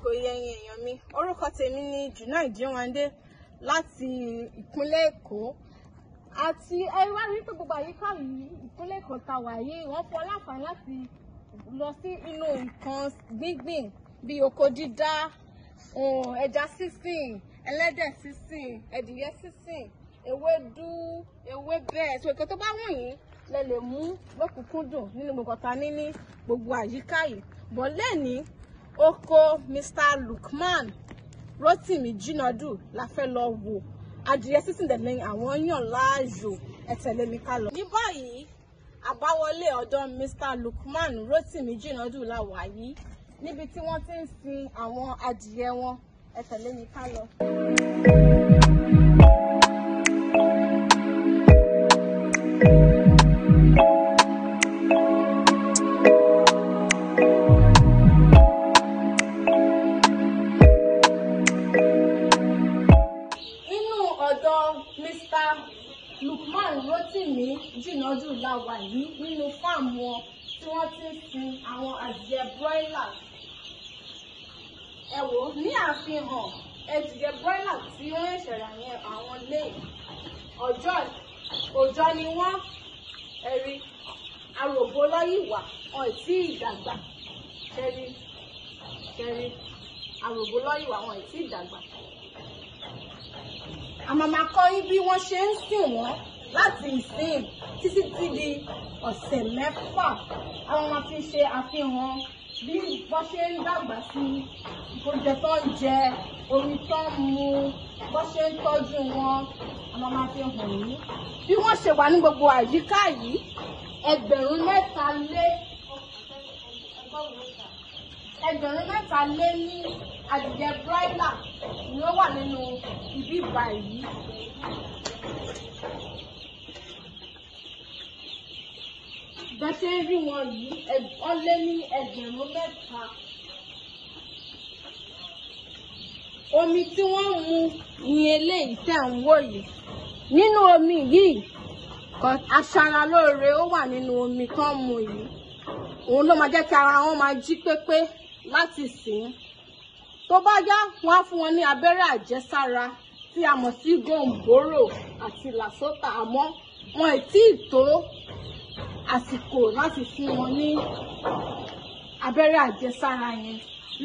àsìkò ìyẹyìn èèyàn mi orúkọ tèmi ni Jùnáì Jíwándé láti ìpínlẹ̀ Èkó àti ẹ wá rí pé gbogbo àyíká yìí ìpínlẹ̀ Èkó ta wà wọ́n fún aláǹfààní láti lọ sí inú nǹkan gbíngbìn bíi oko dídá ẹja sísìn ẹlẹ́dẹ̀ sísìn ẹdìyẹ sísìn ewédú ewébẹ̀ ẹ̀sùn èkó tó bá wù yín lẹ lè mú lọ́kùnkúndùn nínú gbogbo àyíká yìí bọ̀ lẹ́ni oko Mr. Lukman Rotimi Jinadu la fẹ́ lọ wò adìyẹ sísìn dẹ̀ àwọn yàn láàyò ẹ mi ká lọ. ní báyìí àbáwọlé ọ̀dọ̀ Mr. Lukman Rotimi Jinadu la wà yìí níbi tí wọ́n ti ń sin àwọn adìyẹ wọn ẹ mi ká lọ. Mr. Lukman Rotimi Jìnàjù làwà yìí nínú fáàmù wọn tí wọ́n ti ń sin àwọn adìẹ broiler ẹ wò ní àfihàn ẹdìẹ broiler tí ó ń ṣẹ̀rà yẹn àwọn lẹ́yìn ọjọ́ òjọ́ ni wọ́n ẹ̀rí aròbó lọ́yìnwá wọn ì tí ì dàgbà ṣẹ́rí ṣẹ́rí aròbó lọ́yìnwá wọn ì tí ì dàgbà àmàmà kọ́ yín bí wọ́n ṣe ń sìn wọ́n láti ìsìn títí tí di ọ̀sẹ̀ mẹ́fà àwọn máa fi ṣe àfihàn bí wọ́n ṣe ń dàgbà sí oúnjẹ tó ń jẹ omi tó ń mu bọ́n ṣe ń tọ́jú wọn àwọn máa fi hàn yín bí wọ́n ṣe wà ní gbogbo àyíká yìí ẹgbẹ̀rún mẹ́ta lé ẹgbẹ̀rún mẹ́ta lé ní adìyẹ bráìlà ni ó wà nínú ibi ìgbà yìí. bẹ́sẹ̀ rí wọn yìí wọ́n lé ní ẹgbẹ̀rún mẹ́ta. omi tí wọ́n mu ni eléyìí tẹ̀ ń wò yìí. nínú omi yìí aṣaralóore ó wà nínú omi tán mu yìí òun ló máa jẹ́ kí ara wọn máa jí pépé láti sìn ín tó bá yá wọn á fún wọn ní abẹ́rẹ́ àjẹsára tí a mọ̀ sí gòǹbòrò àti làsọ́tà àmọ́ wọn ì tí ì tó àsìkò láti fún wọn ní abẹ́rẹ́ àjẹsára yẹn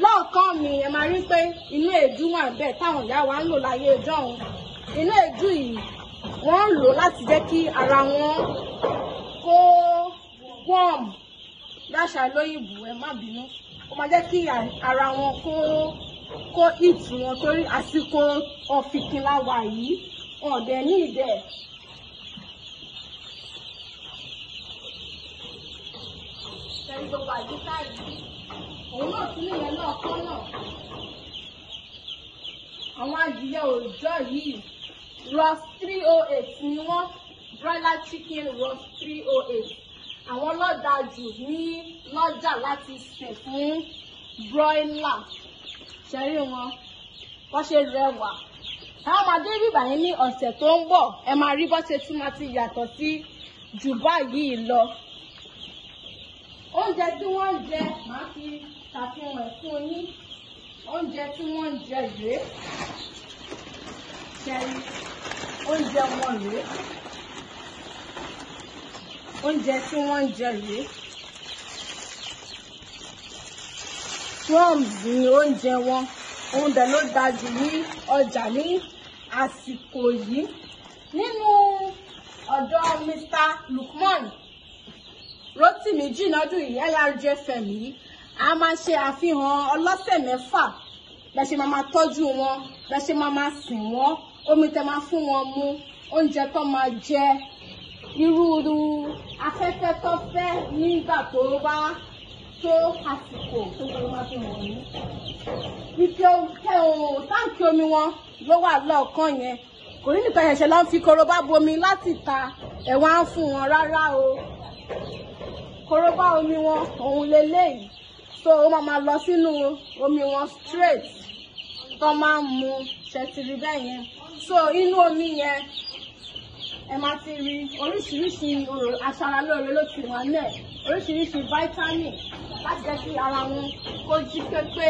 lọ́ọ̀kan mi ẹ máa rí pé inú èédú wà bẹ́ẹ̀ táwọn ìyá wa ń lò láyé ọjọ́un inú èédú yìí wọ́n ń lò láti jẹ́ kí ara wọn kó warm láṣà lóyìnbó ẹ má bínú ó máa jẹ́ kí ara wọn kó kó ìtù wọn torí àsìkò ọ̀fìnkìlá wà yìí ọ̀dẹ̀ ní ìdẹ̀. ẹni tó wà ní káyìí òun náà tún nílẹ̀ náà kọ́ náà àwọn adìyẹ òòjọ́ yìí ross three oh eight ni wọ́n broiler chicken ross three oh eight àwọn lọ́dà jù ní lọ́jà láti sìn fún broiler ṣẹ́rí wọn wọ́n ṣe rẹwà àwọn ọmọdé bíbà yẹn ní ọ̀sẹ̀ tó ń bọ̀ ẹ máa rí bó ṣe tún máa ti yàtọ̀ sí jù báyìí lọ oúnjẹ tí wọ́n ń jẹ màá fi ṣàfihàn ẹ̀ fún yín oúnjẹ tí wọ́n ń jẹ rèé ṣẹ́rí oúnjẹ wọn rèé oúnjẹ tí wọ́n ń jẹ rèé. crumbs ni oúnjẹ wọn òun dẹ̀ ló da jù ní ọjà ní àsìkò yìí nínú ọ̀dọ̀ Mr. Lukman Rotimi Jinadu yìí LRGFM yìí a máa ṣe àfihàn ọlọ́sẹ̀ mẹ́fà bẹ́ ṣe máa máa tọ́jú wọn bẹ́ ṣe máa sìn wọ́n omi tẹ́ máa fún wọn mu oúnjẹ tó máa jẹ irú afẹ́fẹ́ tó fẹ́ nígbà tó bá pé ó kásìkò tó gbọ́dọ̀ máa fi wọ̀nyí. ike ike o táǹkì omi wọn ló wà lọ́ọ̀kan yẹn kò ní nìkan ṣẹ̀ṣẹ̀ lọ́n fi koroba bomi láti ta ẹ̀wọ̀n á fún wọn rárá o korobá omi wọn òun leléyìí so ó máa máa lọ sínú omi wọn straight tó máa ń mu ṣẹtìrì bẹ́ẹ̀ yẹn so inú omi yẹn ẹ máa ti rí oríṣiríṣi aṣaralóore ló ti wà náà oríṣiríṣi vitamin láti jẹ́ kí ara wọn kó jí pépé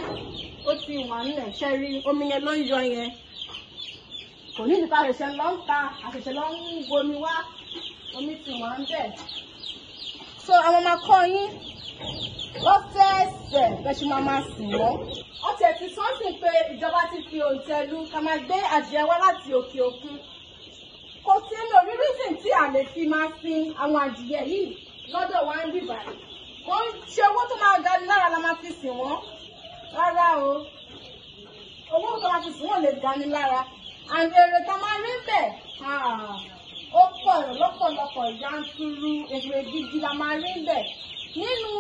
ó ti wà nílẹ̀ ṣe rí omi yẹn ló ń yọ yẹn kò ní ìdíkà àṣẹṣẹ lọ ń ta àṣẹṣẹ lọ ń gbomi wá omi ti wà ń bẹ̀. so àwọn máa kọ́ yín lọ́sẹ̀ẹ̀sẹ̀ bẹ́ẹ̀ ṣe máa máa sìn wọ́n. ọ̀sẹ̀ ti sọ́ọ̀sì pé ìjọba ti fi òǹtẹ̀ lu ká máa gbé adìẹ wá láti òkè òkun kò sí lórí rísìn tí a lè fi máa sin àwọn adìẹ yìí lọ́dọ̀ wa ń bìbà kò ń ṣe owó tó máa ga ni lára la máa fi sìn wọ́n rárá o owó tó máa fi sìn wọ́n lè ga ni lára àrùn èrè tá máa rí bẹ̀ ó pọ̀ lọ́pọ̀lọpọ̀ yanturu èrè gidi la máa rí bẹ̀ nínú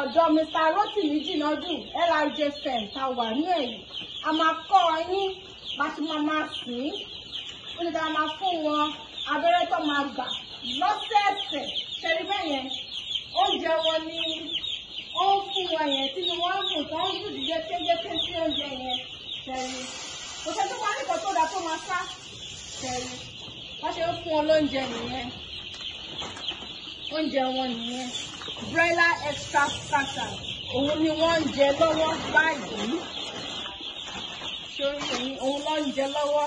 ọ̀dọ̀ Mr. Rotimi Jinadu LRJFM tá wà ní ẹ̀yìn a máa kọ́ ọ yín bá ti máa máa sìn ó ní ká máa fún wọn abẹ́rẹ́ tó máa gbà lọ́sẹ̀ẹ̀sẹ̀ ṣẹ̀rí bẹ́yẹn oúnjẹ wọn ni ó ń fún wọn yẹn tí ni wọ́n ń mú tó ń dùn díẹ̀ kéjéké sí oúnjẹ yẹn ṣẹ̀rí kò sẹ́ni tó máa ní kòtò dà tó máa sá ṣẹ̀rí wọ́n ṣe ń fún wọn lóúnjẹ nìyẹn oúnjẹ wọn nìyẹn broiler extra starter òun ni wọ́n ń jẹ lọ́wọ́ báyìí sórí òun ló ń jẹ lọ́wọ́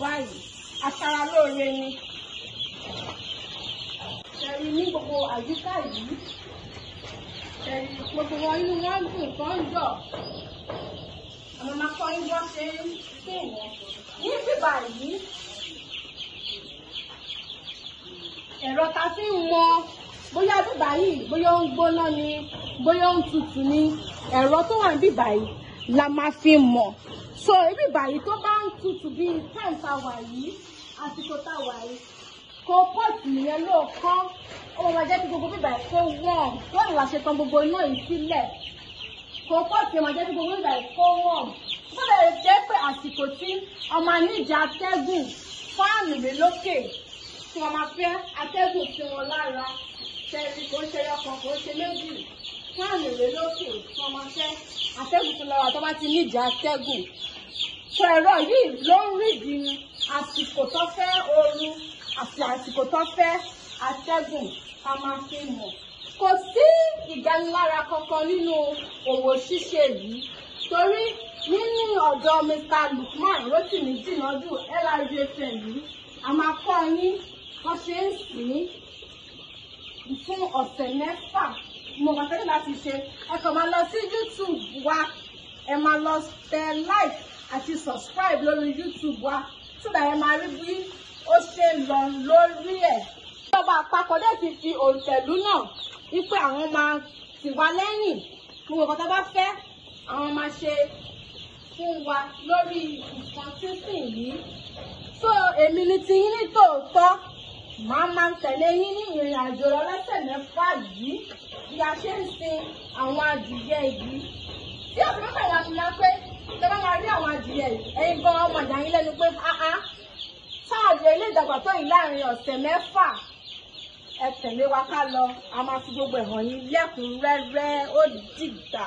báyìí aṣara lóore ni ẹ̀rí ní gbogbo àyíká yìí ẹ̀rí gbogbo wọn inú wọn dùn kán ń dọ̀ àmọ́ máa kọ́ yín bọ́ ṣe ń pè wọ́n ní bíbà yìí ẹ̀rọ ta fi ń mọ bóyá bíbà yìí bóyá ó ń gbóná ni bóyá ó ń tutù ni ẹ̀rọ tó wà ní bíbà yìí la máa fi mọ̀ so ibi ìbàyí tó bá ń tutù bíi táìta wà yìí àsìkò tá wà yìí kó pọ́ọ̀tì nìyẹn ló kán ó máa jẹ́ kí gbogbo bíbà ẹ̀ kó wọ̀n tó ìwà ṣe tán gbogbo iná yìí sílẹ̀ kó pọ́ọ̀tì máa jẹ́ kí gbogbo bíbà ẹ̀ kó wọ̀n tó lè jẹ́ pé àsìkò tí ọmọ níjà atẹ́gùn fáànù mi lókè tí wọ́n máa fẹ́ atẹ́gùn sí wọn lára ṣẹ́ni kò ṣe ọkàn kò ṣe méjì fáànù mi lókè tí wọ́n máa fẹ́ atẹ́gùn sí lọ́wọ́ tó bá ti níjà atẹ́gùn ṣẹ̀rọ yìí ló ń rí ìdí àsìkò tó fẹ́ àsìkò tó fẹ́ atẹ́gùn ká máa fi mọ̀ kò sí ìdánilára kankan nínú òwò ṣíṣe yìí torí nínú ọ̀dọ̀ Mr. Lukman Rotimi Jinadu LRGFM yìí a máa kọ́ yín wọ́n ṣe ń sìn ín fún ọ̀sẹ̀ mẹ́fà mo kàn fẹ́rẹ̀ láti ṣe ẹ kàn máa lọ sí YouTube wa ẹ máa lọ tẹ like àti subscribe lórí YouTube wa so that ẹ máa rí bí ó ṣe ń lọ lórí ẹ̀. ìjọba àpapọ̀ dẹ̀ ti fi òǹtẹ̀lú náà wípé àwọn máa tì wá lẹ́yìn gbogbo nǹkan tá a bá fẹ́ àwọn máa ṣe fún wa lórí nǹkan sísìn yìí. so èmi ni ti yín ní tòótọ́ màá máa tẹ̀lé yín ní ìrìn àjò ọlọ́sẹ̀ mẹ́fà yìí bí a ṣe ń sin àwọn adìyẹ yìí. tí ọ̀pọ̀ mẹ́fà ìlànà pé tẹ́lá máa rí àwọn adìyẹ yìí ẹ̀yin gan ọmọ ìyá yín lẹ́nu pé áá táàdé ilé ìdàgbàsọ yìí láàrin ọ̀sẹ̀ mẹ́fà ẹ tẹ̀lé wa ká lọ a máa fi gbogbo ẹ̀hàn yín lẹ́kùnrẹ́rẹ́ ó dìgbà.